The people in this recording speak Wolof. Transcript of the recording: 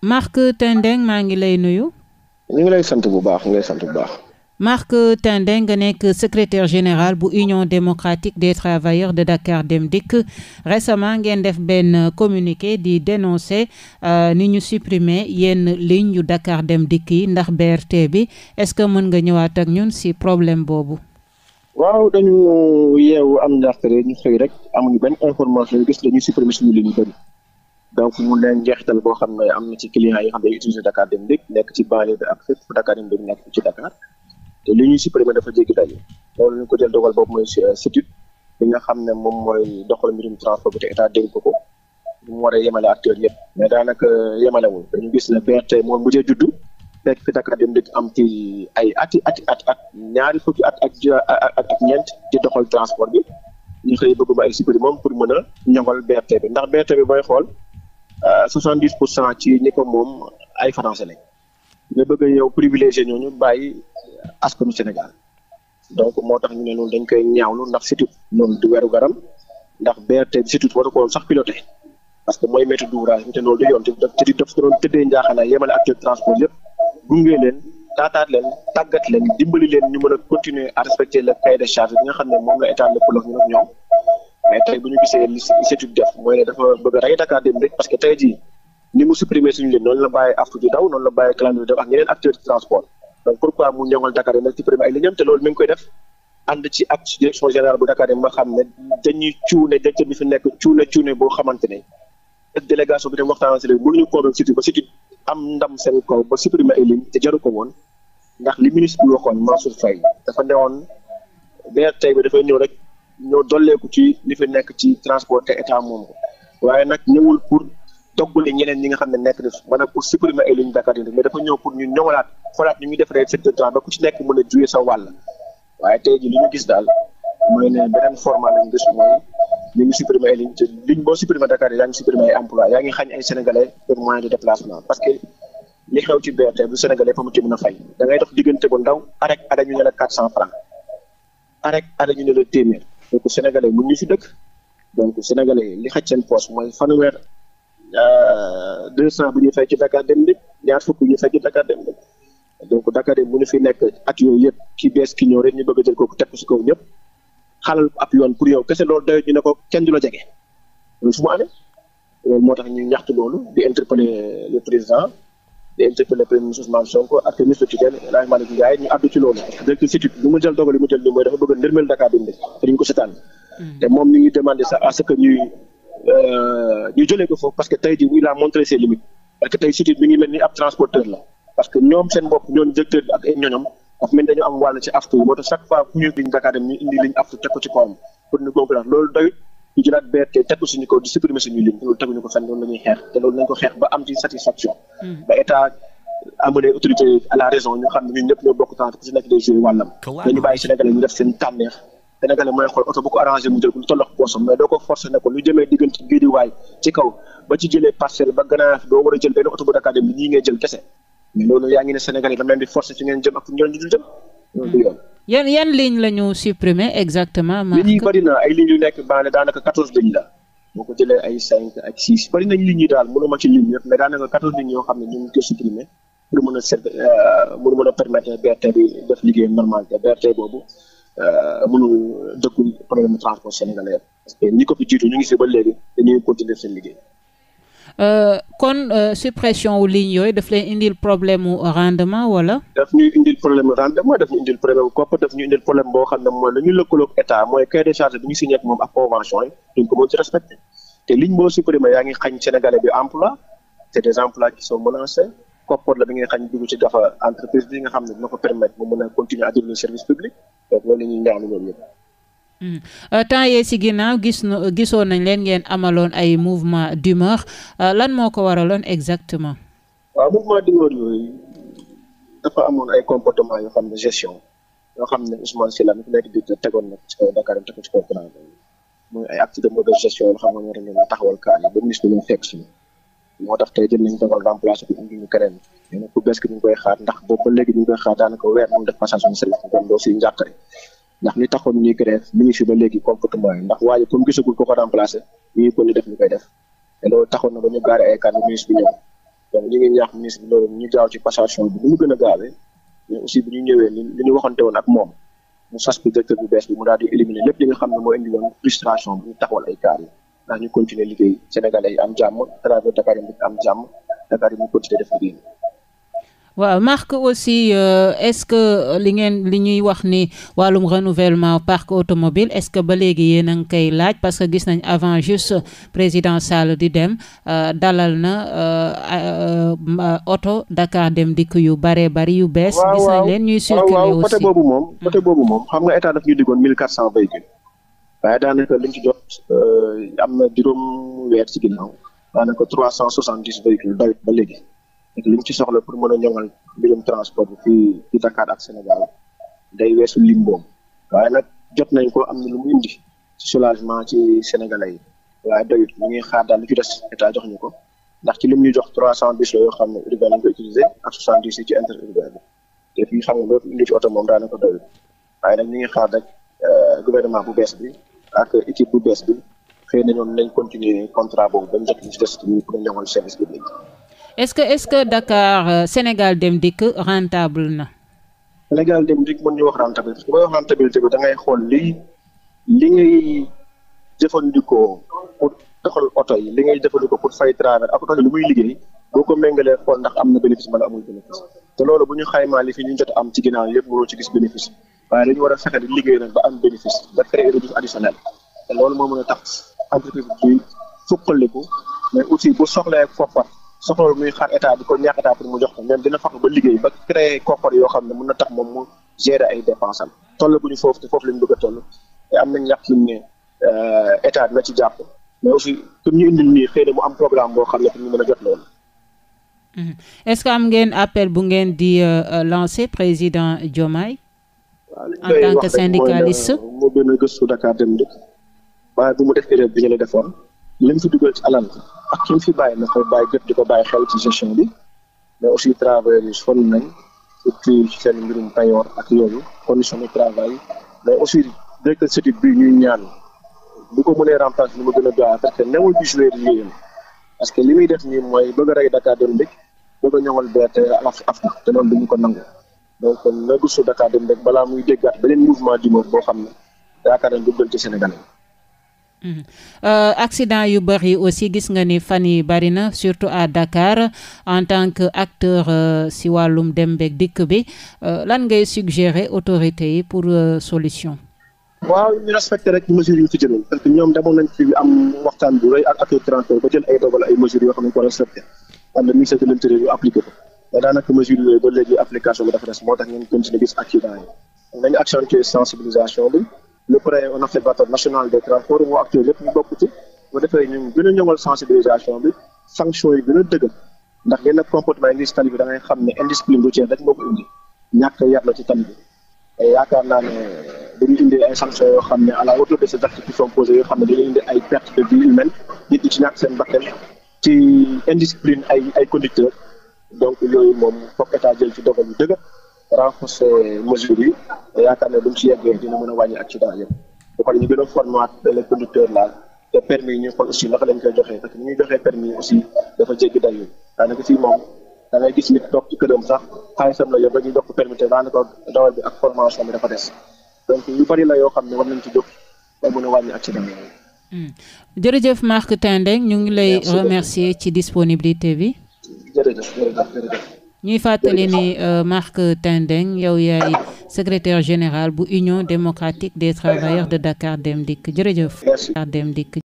Marc Tendeng maa ngi lay nuyu. ñu ngi lay sant bu baax nga nekk secrétaire général bu Union démocratique des travailleurs de Dakar Dem Dikk récemment ngeen def benn communiqué di dénoncer euh, ni ñu supprimer yenn ligne yu Dakar Dem Dikk yi ndax BRT bi est-ce que mën nga ñëwaat ak ñun ci problème boobu. waaw dañu yeewu am ñaxte ñu xëy rek amuñu benn information gis nañu supprimer suñu ligne yu bëri. donc mu ne njeexital boo xam ne am na ci clients yi xam ne day utiliser Dakar Dem Dikk nekk ci banlieue bi ak fépp fu Dakar Dem Dikk nekk ci Dakar te li ñuy supprimer dafa jéggi dayu euh, nga xam ne moom mooy doxal mbirum transport bi te état dégg ko ko mu war a yemale acteurs yëpp mais daanaka euh, yemalewul dañu gis ne BRT moom bu jee juddu fekk fi Dakar Dem Dikk am ci ay ati ati at at ñaari fukki at ak ak ak ñeent di doxal transport bi ñu xëy bëgg ba ay supprimer moom pour mën a ñoŋal BRT bi ndax BRT bi booy xool Euh, soixante dix pour cent ci ñi ko moom ay français lañ nga bëgg yow privilégié ñooñu bàyyi mu Sénégal donc moo tax ñu ne loolu dañ koy ñaawlu ndax surtout loolu du weru garam ndax BRT bi surtout waru ko sax piloté parce que mooy maître d'ouvrage bi te loolu du yoon te te daf ko doon tëddee yemale acteur transport yëpp gunge leen taataat leen tàggat leen dimbali leen ñu mën a continuer à respecter le cahier de charge bi nga xam ne moom la état lëkkaloo ak ñoom. mais tey bu ñu gisee li CETUD def mooy ne dafa bëgg a rey dem rek parce que tey jii ni mu supprimer suñu leen noonu la bàyyi aftu di daw noonu la bàyyi clando di daw ak ñeneen mu ñëwal Dakar yi nag supprimer ay liggéeyam te loolu mi ngi koy def ànd ci ak direction générale bu Dakar ne dañuy cuune dëkk bi fi nekk cuune boo xamante ne ak délégation bi tam waxtaan si léegi mënuñu convaincre surtout ba surtout am ndam seen dafa newoon BRT bi ñoo dolleeku ci li fi nekk ci transport te état moom ko waaye nag ñëwul pour dogguli ñeneen ñi nga xam ne nekk na wala pour supprimer ay ligne Dakar mais dafa ñëw pour ñu ñoŋalaat xoolaat ñu ngi defaree secteur transport ba ku ci nekk mën a juyee sa wàll jii li ñu gis daal mooy ne format lañ gis ngi supprimer ay ligne te ligne boo supprimer Dakar yaa yaa ngi xañ ay sénégalais pour de déplacement parce que li xew ci BRT bu sénégalais fa mu ci mën a fay da ngay dox diggante bu ndaw arek ada ñu ne la quatre cent franc arek ada ñu ne la téeméer donc sénégalais mun ñu fi dëkk donc sénégalais li xaj seen poche mooy fanweer euh, deux cent bu ñu fay ci Dakar dem dikk ñaar fukk ñu fay ci Dakar dem dikk donc Dakar yi mënu fi nekk at yooyu yëpp ki bees ki ñëw rek ñu bëgg a jël kooku teg ko si kaw ñëpp xalal ab yoon pour yow kese loolu doyut ñu ne ko kenn du la jege loolu fu mu loolu moo tax ñu ñaxtu loolu di interpeller le président di interpellé premier ministre Ousmane Sonko ak ministre tutelle El Hadj Malick Ndiaye ñu àddu ci loolu directeur CETUD bu mu jël dogal yi mu jël nii mooy dafa bëgg a ndërmel Dakar dindi ko setaan hmm. te moom ñu ngi demandé ça à euh, mi ngi mel ni ab transporteur la parce que ñoom seen bopp ñoom directeur bi ak ay ñoñom dañu am wàll ci aftu yi moo chaque fois fu ñuy liñ Dakar dem ñu indi liñ aftu teg ci kawam pour ñu concurrence loolu doyut ñu jëlaat BRT teg ko suñu kaw di supprimer suñuy ligne loolu teguñu ko fenn loolu la xeex te loolu nañ ko xeex ba am ci satisfaction hmm. ba état amené ne ñun ñëpp ñoo mu jël a kese loolu yaa ngi ne sénégalais dama leen di ngeen jëm ak ñoon ñu dul jëm yan yan ligne la ñu supprimer exactement. marque lignes yi bëri na ay lignes yu nekk maanaam daanaka quatorze lignes la boo ko jëlee ay cinq ak six bëri nañ lignes yi daal mënuma ci ligne yëpp mais daanaka quatorze lignes yoo xam ne ñu ngi ko supprimer a seet pour mën euh, bi def liggéeyam normal te BRT boobu euh, mënul dëkkul problème transport sénégalais parce que ñi ko fi jiitu ñu ngi si ba léegi dañuy continuer seen liggéey. Euh, kon euh, suppression wu ligne yooyu daf leen indil problème wala. daf ñuy indil problème mu rendement daf ñu indil problème kopp daf ñu indil problème boo xam ne mooy la ñu lëkkaloog état mooy cahier de charge bi ñu signé ak moom ak convention yi duñ ko mën ci respecté te ligne boo supprimer yaa ngi xañ sénégalais bi emploi c'est des emplois qui sont menacés koppar la bi nga xam ne ci dafa entreprise bi nga xam ne dina ko permettre mu mën a continuer à donner service public donc loolu la ñuy ñaanu ñoom Mm. Euh, temps yee si ginnaaw gis na gisoon nañ leen ngeen amaloon ay mouvement d'humeur euh, lan moo ko waraloon exactement. waaw mouvement d'humeur yooyu dafa amoon ay comportement yoo xam ne gestion yoo xam ne Ousmane Sylla mi fi nekk di tegoon na ci kaw Dakar teg ko ci kaw plan mooy ay acte de xam ne war nañu taxawal kaa yi ba ministre bi mu fekk suñu moo tax te jël nañu dogal remplacé ko indi ñu keneen mais nag ku bees ki ñu koy xaar ndax boobu ba léegi ñu ngi koy xaar daanaka weer moom def passation service ndax li taxoon ñuy grève mi ngi fi ba léegi comportement yi ndax waaye comme gisagul ko ko remplacer ñu ngi ko def ñu koy def te loolu taxoon na ba ñu gaari ay kàddu ministre bi ñëw donc ñu ngi ñaax ministre bi loolu ñu gaaw ci passation bi ni mu gën a gaawee mais aussi bi ñu ñëwee ni ñu waxante woon ak moom mu sas bi directeur bu bees bi mu daal di éliminer lépp li nga xam ne moo indi woon frustration bi ñu taxawal ay kaar yi ndax ñu continuer liggéey Sénégalais yi am jàmm à travers Dakar am jàmm Dakar yi ñu continuer def waaw Marc aussi euh, est-ce que li ngeen li ñuy wax ni wàllum renouvellement parc automobile est-ce que ba léegi yéen a ngi koy laaj parce que gis nañ avant juste président Sall di dem euh, dalal na euh, oto Dakar dem dikk yu baree bari yu bees. waaw gis nañ leen ñuy circuler aussi mm. côté boobu moom côté boobu xam nga état daf ñu diggoon mille quatre cent véhicules waaye daanaka liñ ci jot am na juróom weer ci ginnaaw daanaka trois cent soixante dix véhicules ba léegi. liñ ci soxla pour mën a ñoŋal mbirum transport bi fii ci Dakar ak Sénégal day weesu lim boobu waaye nag jot nañ ko am na lu mu indi soulagement ci sénégalais yi waaye doyut ñu ngi xaar daal lu ci des état jox ñu ko ndax ci lim ñu jox trois cent dix la yoo xam ne urbain lañ ko utilisé ak soixante dix bi te fii xam nga loolu indi ci oto moom daanaka doyut waaye nag ñu ngi xaar rek euh, gouvernement bu bees bi ak équipe bu bees bi xëy na ñoom nañ continuer contrat boobu ba jot lu ci des pour ñu ñoŋal service public est-ce que est que Dakar euh, Sénégal Dem Dikk rentable na. Sénégal Dem Dikk mën ñu wax rentabilité bu may wax bi da ngay xool li li ngay jëfandikoo pour doxal oto yi li ngay jëfandikoo pour fay travers ak oto yi lu muy liggéey boo ko méngalee xool ndax am na bénéfice wala amul bénéfice te loolu bu ñu xayma li fi ñu jot am ci ginnaaw yëpp waroo ci gis bénéfice waaye dañu war a fexe liggéey nag ba am bénéfice ba créer revenu additionnel te loolu moo mën a tax entreprise bi suqaliku mais aussi bu soxlee foofar. soxlawul muy xaar état di ko ñaax état pour mu jox ko même dina fexe ba na tax moom mu gérer ay dépenses toll bu ñu foofu te foofu lañ bëgg a toll te euh, ci jàpp mais ñu indil nii xëy na mu am programme boo xam ne pour ñu mën jot loolu. Mhm. est-ce que am ngeen appel bu ngeen di euh, euh, lancer président Diomaye. en tant que syndicaliste waaw li ñu koy wax rek mooy mu gën a gëstu Dakar dem def erreur li mu fi dugal ci alal ak ki mu fi bàyyi na koy bàyyi gëpp di ko bàyyi xel ci gestion bi mais aussi travailleurs yi sonn nañ surtout ci seen mbirum payoor ak yooyu condition de travail mais aussi directeur CETUD bi ñuy ñaan bu ko mënee remplacer lu ma gën a gaaw parce que newul bi joueur yi yéen parce que li muy def nii mooy bëgg rek rey Dakar Dem Dikk bëgg a ñëwal BRT af af te loolu duñu ko nangu donc na gëstu Dakar Dem Dikk balaa muy déggaat beneen mouvement d'humeur boo xam ne yaakaar nañ du ci Sénégal Mmh. Euh, accident yu bëri aussi gis nga ni fan yi bëri na surtout à Dakar en tant que acteur euh, si wàllum dem beeg dikk bi euh, lan ngay suggérer autorités yi pour euh, solution. waaw ñu respecté rek mesures yu ñu ci jëloon parce que ñoom demoon nañ fi am waxtaan bu rëy ak transport ba jël ay dogal ay mesures yoo xam ne ko respecté ànd ministère de l'intérieur yu appliqué ko mais daanaka mesures yooyu ba léegi application bi dafa des moo tax ngeen continuer gis accident yi nañu accentuer sensibilisation bi. le pré un observatoire national des transports moo acteur lépp ñu bokk ci bu defee ñu gën a ñëwal sensibilisation bi sanction yi gën a ndax yenn comportement yi ngi si bi da xam ne indiscipline routière rek moo ko indi ñàkk yar la ci tali yaakaar naa ne dañuy indi ay sanctions yoo xam ne à la hauteur de ces actes qui sont yoo xam ne dañuy indi ay perte de vie humaine nit ñi ci ñàkk seen bakkan ci indiscipline ay ay conducteurs donc yooyu moom foog jël ci dogal yu dëgër renforcer mesures yi te yaakaar ne buñ ci yeggee dina mën a wàññi accident yëpp ba pare ñu a formaat ñu xool aussi naka lañ koy joxee parce que ni ñuy joxee permis aussi dafa jéggi dayoo daanaka fii moom da ngay gis nit toog ci këram sax xaalisam la yor ba ñu jox ko permis te daanaka dawal bi ak formation bi dafa des donc yu bari la yoo xam ne war nañ ci jóg day mën a wàññi accident yooyu. Hmm. jërëjëf Marc Tendeng ñu ngi lay remercier ci disponibilité bi. jërëjëf jërëjëf jërëjëf. ñuy fàttali ni euh, Marc Tendeng yow yaay secrétaire général bu union démocratique des travailleurs de Dakar Dem Dikk jërëjëf Dakar Dem Dikk